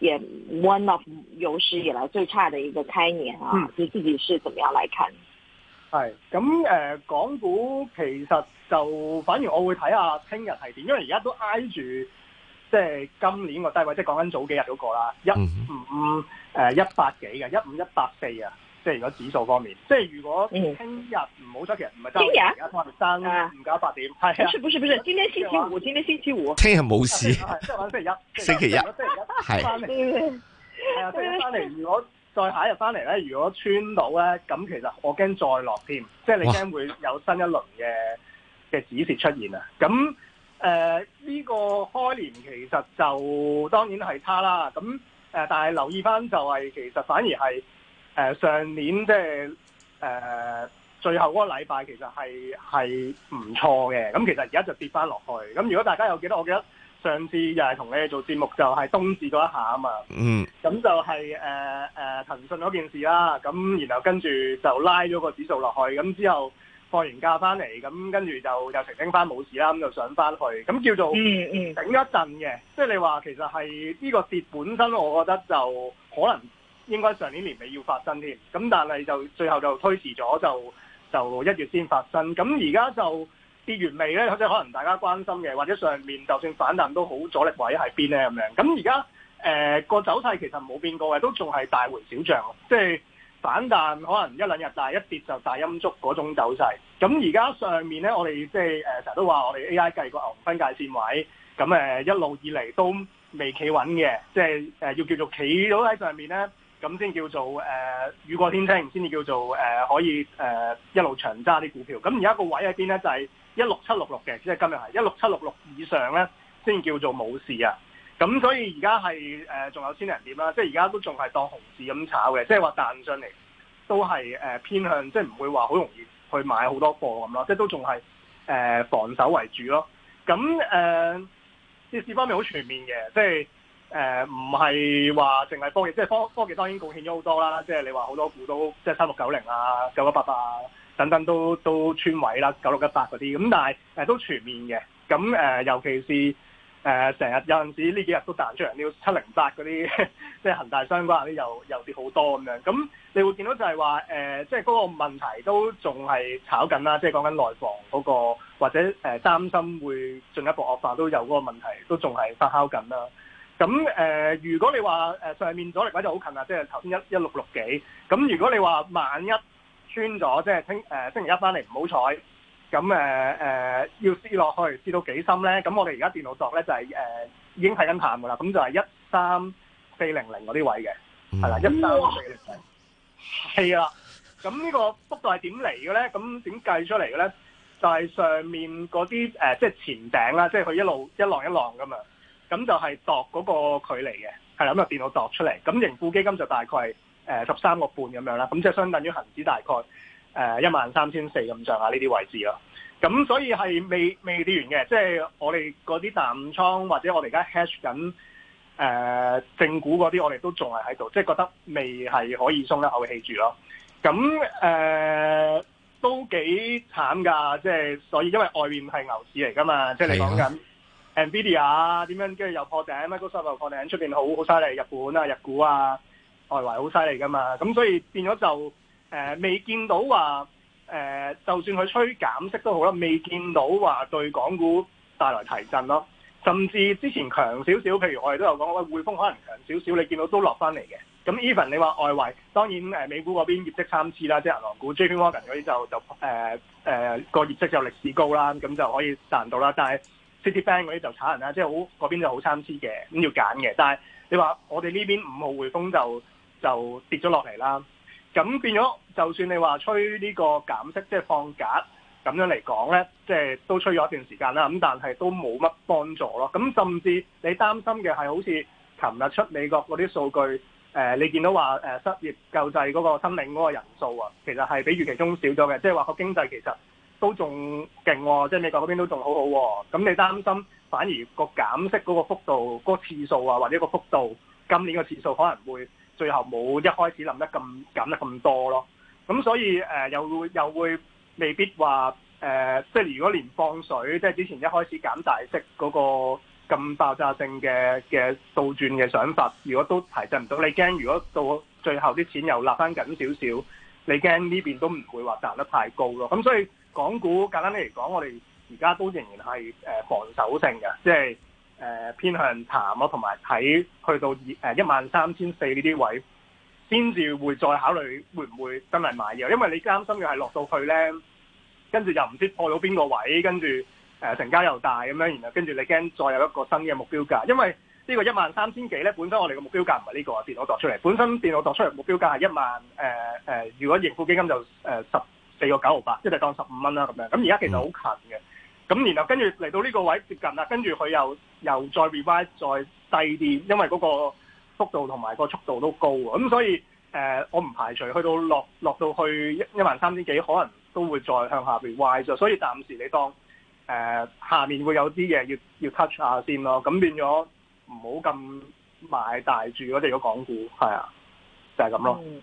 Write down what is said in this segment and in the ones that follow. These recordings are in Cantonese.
也 one of 有史以來最差的一個開年啊，嗯、你自己是怎麼樣來看？係咁誒，港股其實就反而我會睇下聽日係點？因為而家都挨住即係今年個低位，即係講緊早幾日嗰個啦，一五誒一八幾嘅一五一八四啊，5, 呃、15, 4, 即係如果指數方面，即係如果聽日。嗯好咗，其實唔係週日，而家睇生五九八點係，唔係唔係唔係，今天星期五，今天星期五。聽日冇事。即係一星期一，翻嚟。係啊，即翻嚟。如果再下一日翻嚟咧，如果穿到咧，咁其實我驚再落添，即係你驚會有新一輪嘅嘅止蝕出現啊。咁呢個開年其實就當然係差啦。咁但係留意翻就係其實反而係上年即係誒。最後嗰禮拜其實係係唔錯嘅，咁其實而家就跌翻落去。咁如果大家有記得，我記得上次又係同你哋做節目，就係冬至嗰一下啊嘛。嗯、就係。咁就係誒誒騰訊嗰件事啦。咁然後跟住就拉咗個指數落去，咁之後放完假翻嚟，咁跟住就又澄清翻冇事啦，咁就，就上翻去，咁叫做頂、嗯嗯、一陣嘅。即、係、你話其實係呢個跌本身，我覺得就可能。應該上年年尾要發生添，咁但係就最後就推遲咗，就就一月先發生。咁而家就跌完未呢？或者可能大家關心嘅，或者上面就算反彈都好阻力位喺邊呢？咁樣。咁而家誒個走勢其實冇變過嘅，都仲係大回小漲，即係反彈可能一兩日大，大一跌就大陰燭嗰種走勢。咁而家上面呢，我哋即係誒成日都話我哋 A.I. 計個牛熊分界線位，咁誒、呃、一路以嚟都未企穩嘅，即係誒要叫做企咗喺上面呢。咁先叫做誒、呃、雨過天晴，先至叫做誒、呃、可以誒、呃、一路長揸啲股票。咁而家個位喺邊咧？就係一六七六六嘅，即係今日係一六七六六以上咧，先叫做冇事啊。咁所以而家係誒仲有千零點啦，即係而家都仲係當熊市咁炒嘅，即係話彈上嚟都係、呃、偏向，即係唔會話好容易去買好多貨咁咯，即係都仲係、呃、防守為主咯。咁誒，你睇方面好全面嘅，即係。誒唔係話淨係科技，即係科科技當然貢獻咗好多啦。即係你話好多股都，即係三六九零啊、九九八八啊等等都都穿位啦、九六一八嗰啲。咁但係、呃、都全面嘅。咁、呃、尤其是誒成、呃、日有陣時呢幾日都彈出嚟，呢個七零八嗰啲，即係恒大相關嗰啲又又跌好多咁樣。咁你會見到就係話、呃、即係嗰個問題都仲係炒緊啦。即係講緊內房嗰、嗰個或者、呃、擔心會進一步惡化，都有嗰個問題都仲係發酵緊啦。咁誒、呃，如果你話誒上面阻力位就好近啊，即係頭先一一六六幾。咁如果你話萬一穿咗，即、就、係、是、星誒、呃、星期一翻嚟唔好彩，咁誒誒要跌落去跌到幾深咧？咁我哋而家電腦度咧就係、是、誒、呃、已經睇緊彈㗎啦。咁就係一三四零零嗰啲位嘅，係啦、嗯，一三四零零。係啊哇，咁呢個幅度係點嚟嘅咧？咁點計出嚟嘅咧？就係、是、上面嗰啲誒，即、呃、係、就是、前頂啦，即係佢一路一浪一浪㗎嘛。咁就係度嗰個距離嘅，係啦，咁就電腦量量度出嚟。咁盈富基金就大概係誒十三個半咁樣啦。咁即係相等於恒指大概誒一萬三千四咁上下呢啲位置咯。咁所以係未未跌完嘅，即係我哋嗰啲淡倉或者我哋而家 hash 緊誒正股嗰啲，我哋都仲係喺度，即係覺得未係可以鬆一口氣住咯。咁誒都幾慘㗎，即係所以因為外面係牛市嚟㗎嘛，即係你講緊。Nvidia 啊，點樣跟住又破頂？Microsoft 又破頂，出邊好好犀利，日本啊、日股啊、外圍好犀利噶嘛。咁所以變咗就誒，未、呃、見到話誒、呃，就算佢吹減息都好啦，未見到話對港股帶來提振咯。甚至之前強少少，譬如我哋都有講，喂、哎，匯豐可能強少少，你見到都落翻嚟嘅。咁 even 你話外圍，當然誒，美股嗰邊業績參差啦，即係銀行股、JPMorgan 嗰啲就就誒誒、呃呃那個業績就歷史高啦，咁就可以賺到啦。但係 City Bank 嗰啲就炒人啦，即係好嗰邊就好參差嘅，咁要揀嘅。但係你話我哋呢邊五號匯豐就就跌咗落嚟啦，咁變咗就算你話吹呢個減息，即係放假咁樣嚟講咧，即係都吹咗一段時間啦，咁但係都冇乜幫助咯。咁甚至你擔心嘅係好似琴日出美國嗰啲數據，誒，呃，你見到話誒失業救濟嗰個申領嗰個人數啊，其實係比預期中少咗嘅，即係話個經濟其實。都仲勁喎，即係美國嗰邊都仲好好喎。咁你擔心反而個減息嗰個幅度、嗰、嗰個次數啊，或者個幅度，今年個次數可能會最後冇一開始諗得咁減得咁多咯。咁所以誒、呃，又會又會未必話誒、呃，即係如果連放水，即係之前一開始減大息嗰個咁爆炸性嘅嘅倒轉嘅想法，如果都提振唔到，你驚如果到最後啲錢又立翻緊少少，你驚呢邊都唔會話賺得太高咯。咁所以。港股簡單啲嚟講，我哋而家都仍然係誒、呃、防守性嘅，即係誒、呃、偏向淡咯，同埋睇去到二誒一萬三千四呢啲位，先至會再考慮會唔會真係買嘢，因為你擔心嘅係落到去咧，跟住又唔知破到邊個位，跟住誒成交又大咁樣，然後跟住你驚再有一個新嘅目標價，因為呢個13，多呢個一萬三千幾咧，本身我哋嘅目標價唔係呢個，電腦作出嚟，本身電腦作出嚟目標價係一萬誒誒、呃呃，如果盈富基金，金就誒十。呃四個九毫八，一係當十五蚊啦咁樣。咁而家其實好近嘅，咁、嗯、然後跟住嚟到呢個位接近啦，跟住佢又又再 revise 再低啲，因為嗰個幅度同埋個速度都高，咁所以誒、呃，我唔排除去到落落到去一,一萬三千幾，可能都會再向下 revise 咗。所以暫時你當誒、呃、下面會有啲嘢要要 touch 下先咯。咁變咗唔好咁買大住咯。如果港股係啊，就係、是、咁咯。嗯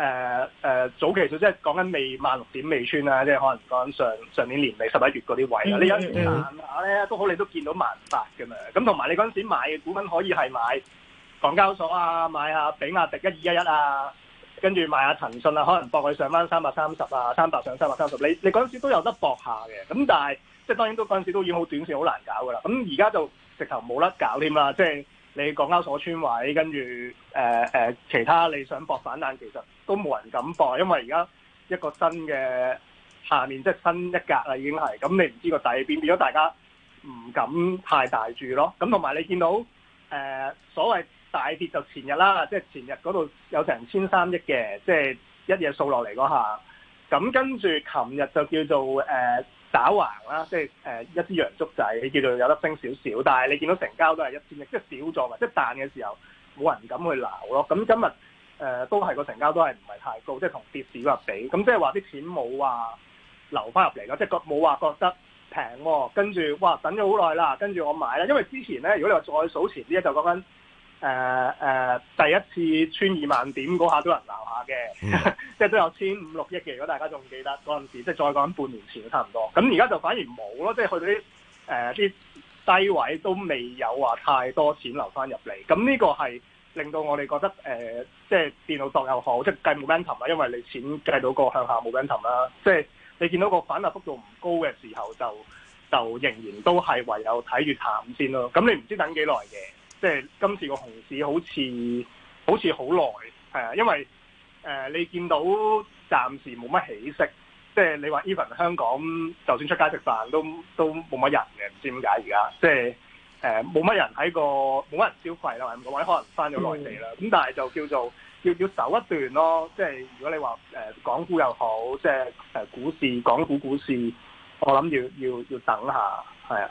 誒誒，早期即係講緊未萬六點未穿啦，即係可能講上上年年尾十一月嗰啲位啦。你有啲彈下咧都好，你都見到萬八嘅嘛。咁同埋你嗰陣時買股份，可以係買港交所啊，買下比亞迪一二一一啊，跟住買下騰訊啊，可能博佢上翻三百三十啊，三百上三百三十。你你嗰陣時都有得搏下嘅，咁但係即係當然都嗰陣時都已經好短線，好難搞噶啦。咁而家就直頭冇得搞添啦，即係。你港交所村位，跟住誒、呃、其他你想博反彈，其實都冇人敢博，因為而家一個新嘅下面即係新一格啦，已經係咁，咁你唔知個底喺邊，變咗大家唔敢太大住咯。咁同埋你見到誒、呃、所謂大跌就前日啦，即係前日嗰度有成千三億嘅，即係一夜掃落嚟嗰下。咁跟住琴日就叫做誒。呃打橫啦，即係誒一支洋竹仔你叫做有得升少少，但係你見到成交都係一千億，即係少咗，或者彈嘅時候冇人敢去鬧咯。咁今日誒、呃、都係個成交都係唔係太高，即係同跌市嗰日比，咁即係話啲錢冇話留翻入嚟咯，即係覺冇話覺得平，跟住哇等咗好耐啦，跟住我買啦，因為之前咧如果你話再數前啲就講緊。誒誒、呃呃，第一次穿二萬點嗰下都有人鬧下嘅，即係的 都有千五六億嘅。如果大家仲記得嗰陣時，即係再講半年前都差唔多。咁而家就反而冇咯，即係去到啲誒啲低位都未有話太多錢流翻入嚟。咁呢個係令到我哋覺得誒、呃，即係電腦當有好即係計 momentum 啦。因為你錢計到個向下 momentum 啦。即係你見到個反彈幅度唔高嘅時候就，就就仍然都係唯有睇月探先咯。咁你唔知等幾耐嘅。即係今次個熊市好似好似好耐，係啊，因為誒、呃、你見到暫時冇乜起色，即係你話 even 香港就算出街食飯都都冇乜人嘅，唔知點解而家即係誒冇乜人喺個冇乜人消費啦，或者可能返咗內地啦，咁、mm. 但係就叫做要要走一段咯，即係如果你話誒、呃、港股又好，即係誒股市港股股市，我諗要要要等下，係啊。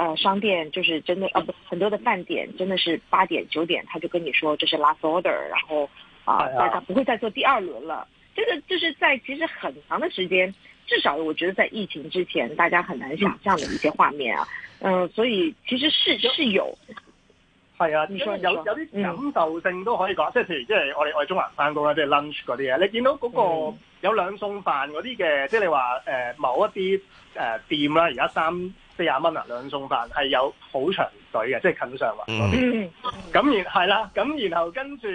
呃、啊，商店就是真的，啊、很多的飯店真的是八點九點，點他就跟你說這是 last order，然後，啊，啊大家不會再做第二輪了。這個就是在其實很長的時間，至少我覺得在疫情之前，大家很難想象的一些畫面啊。嗯啊，所以其實是是有，係啊，你說有你說有有啲感受性都可以講、嗯，即係譬如即係我哋我哋中環返工啦，即係 lunch 嗰啲啊。你見到嗰個有兩餸飯嗰啲嘅，嗯、即係你話誒、呃、某一啲誒、呃、店啦、啊，而家三，四廿蚊啊，兩餸飯係有好長隊嘅，即係近上環。咁然係啦，咁然後跟住，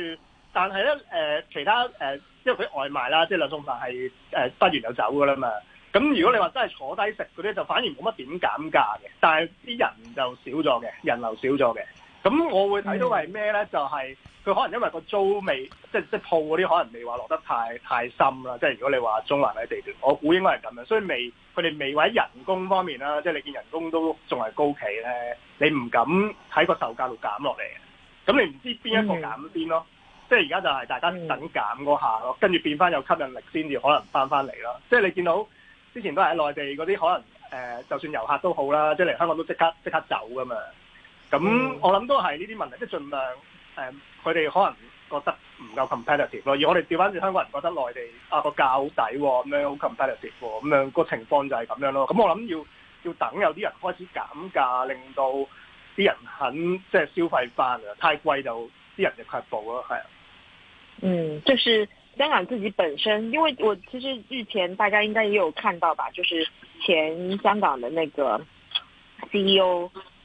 但係咧誒，其他誒、呃，因為佢外賣啦，即係兩餸飯係誒畢完就走㗎喇嘛。咁如果你話真係坐低食嗰啲，就反而冇乜點減價嘅，但係啲人就少咗嘅，人流少咗嘅。咁我會睇到係咩咧？Mm. 就係佢可能因為個租未，即係即係鋪嗰啲可能未話落得太太深啦。即係如果你話中環嘅地段，我估應該係咁樣。所以未，佢哋未喺人工方面啦。即係你見人工都仲係高企咧，你唔敢喺個售價度減落嚟。咁你唔知邊一個減邊咯。Mm. 即係而家就係大家等減嗰下咯，跟住變翻有吸引力先至可能翻翻嚟咯。即係你見到之前都係喺內地嗰啲，可能、呃、就算遊客都好啦，即係嚟香港都即刻即刻走噶嘛。咁、嗯嗯、我諗都係呢啲問題，即係儘量佢哋、嗯、可能覺得唔夠 competitive 咯，而我哋調翻轉香港人覺得內地啊個價好抵喎，咁樣好 competitive 喎、哦，咁樣個情況就係咁樣咯。咁、嗯、我諗要要等有啲人開始減價，令到啲人肯即係消費翻啊！太貴就啲人就卻步咯，係。嗯，就是香港自己本身，因為我其實日前大家應該也有看到吧，就是前香港的那個 CEO。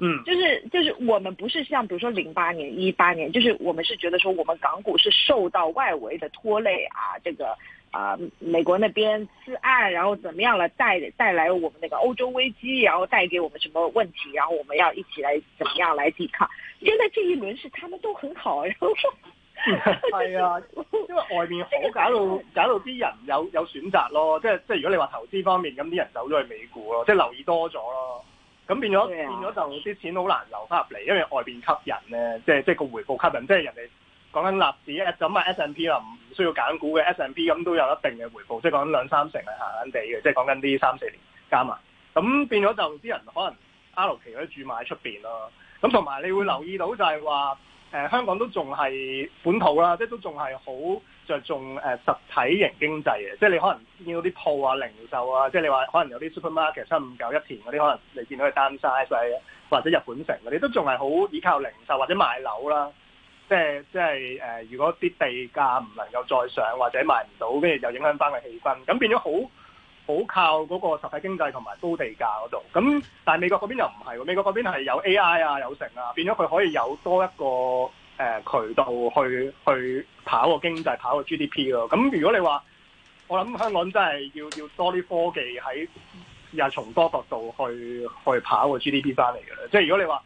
嗯，就是就是我們不是像比如說零八年一八年，就是我們是覺得說我們港股是受到外圍的拖累啊，這個啊、呃、美國那邊次按然後怎麼樣來帶帶來我們那個歐洲危機，然後帶給我們什麼問題，然後我們要一起來怎麼樣來抵抗。現在這一輪是他們都很好，然後，說，哎呀，因為外面好搞到搞到啲人有有選擇咯，即係即係如果你話投資方面，咁啲人走咗去美股咯，即係留意多咗咯。咁變咗 Yeah. 變咗就啲錢好難流翻入嚟，因為外面吸引咧，即係即係個回報吸引，即係人哋講緊納指，一咁埋 S&P 啦，唔唔需要揀股嘅 S&P，咁都有一定嘅回報，即係講緊兩三成係閒閒地嘅，即係講緊啲三四年加埋。咁變咗就啲人可能 R 期奇啲住埋喺出面咯。咁同埋你會留意到就係話、呃，香港都仲係本土啦，即係都仲係好。著重誒實體型經濟嘅，即係你可能見到啲鋪啊、零售啊，即係你話可能有啲 supermarket 759、一田嗰啲，可能你見到佢 downsize，w 或者日本城嗰啲都仲係好依靠零售或者賣樓啦。即係即係、呃、如果啲地價唔能夠再上或者賣唔到，跟住又影響翻個氣氛，咁變咗好好靠嗰個實體經濟同埋高地價嗰度。咁但係美國嗰邊又唔係喎，美國嗰邊係有 AI 啊、有成啊，變咗佢可以有多一個。誒、呃、渠道去去跑個經濟跑個 GDP 咯。咁如果你話，我諗香港真係要要多啲科技喺，又從多角度，度去去跑個 GDP 翻嚟嘅，即係如果你話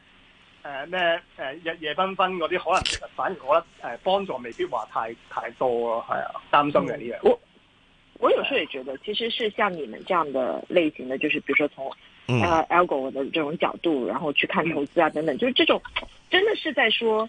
誒咩誒日夜繽紛嗰啲，可能其實反而我覺得呃、幫助未必話太太多咯。係啊，擔心嘅呢樣。我、嗯、我有時也覺得，其實是像你們這樣的類型的，就是，比如說從啊 Algo 的這種角度，然後去看投資啊等等，就這種真的是在說。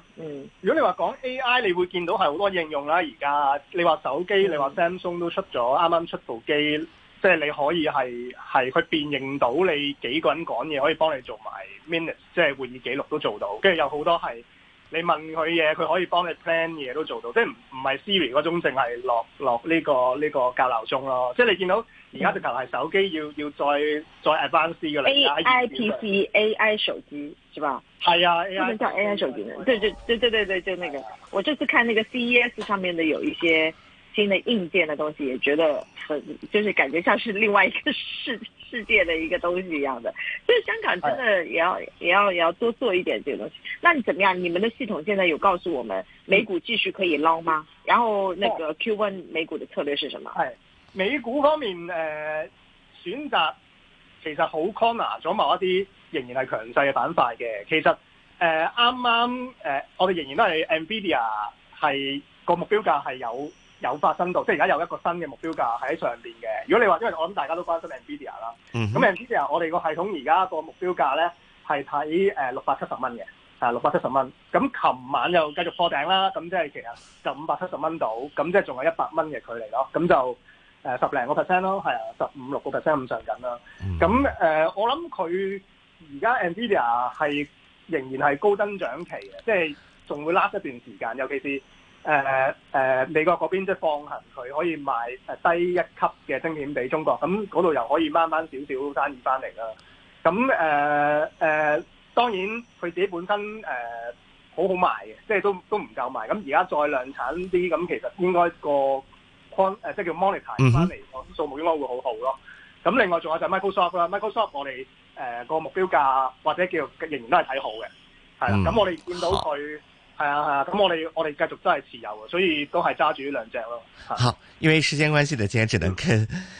嗯，如果你話講 A.I.，你會見到係好多應用啦、啊。而家，你話手機，嗯、你話 Samsung 都出咗，啱啱出部機，即係你可以係係佢辨認到你幾個人講嘢，可以幫你做埋 minutes，即係會議記錄都做到，跟住有好多係。你問佢嘢，佢可以幫你 plan 嘢都做到，即係唔唔係 Siri 嗰種，淨係落落呢個呢個較鬧鐘咯。即係你見到而家直頭係手機要要再再 advanced 嘅啦。A I P C A I 手機是吧？係啊，A I 叫 A I 手機、哎、呀對對對對對對就那個。哎、呀我這次看那個 CES 上面的有一些新的硬件嘅東西，也覺得很，就是感覺像是另外一個世界。世界的一個東西一樣的，所以香港真的也要是也要也要，也要多做一點這個東西。那你怎麼樣？你們的系統現在有告訴我們美股繼續可以撈嗎？然後那個 Q1 美股的策略是什麼？係美股方面，誒、呃、選擇其，其實好 corner 咗某一啲仍然係強勢嘅板塊嘅。其實誒啱啱誒我哋仍然都係 Nvidia 係個目標價係有。有發生到，即係而家有一個新嘅目標價係喺上邊嘅。如果你話，因為我諗大家都關心 NVIDIA 啦、mm，咁、hmm. NVIDIA 我哋個系統而家個目標價咧係睇誒六百七十蚊嘅，係六百七十蚊。咁、呃、琴、呃、晚又繼續破頂啦，咁即係其實就五百七十蚊到，咁即係仲有一百蚊嘅距離咯。咁就誒十零個 percent 咯，係啊，十五六個 percent 咁上緊啦。咁誒、mm hmm. 呃，我諗佢而家 NVIDIA 係仍然係高增長期嘅，即係仲會 last 一段時間，尤其是。誒誒、呃呃，美國嗰邊即係放行佢可以賣誒低一級嘅晶片俾中國，咁嗰度又可以掹翻少少生意翻嚟啦。咁誒誒，當然佢自己本身誒、呃、好好賣嘅，即係都都唔夠賣。咁而家再量產啲，咁其實應該個 c o 即係叫 monetar 翻嚟個數目應該會好好咯。咁、mm hmm. 另外仲有就 Microsoft 啦，Microsoft 我哋誒個目標價或者叫仍然都係睇好嘅，係啦。咁、mm hmm. 我哋見到佢。係啊係啊，咁、啊、我哋我哋繼續都係持有嘅，所以都係揸住呢兩隻咯。好，因為時間關係的，今天只能跟。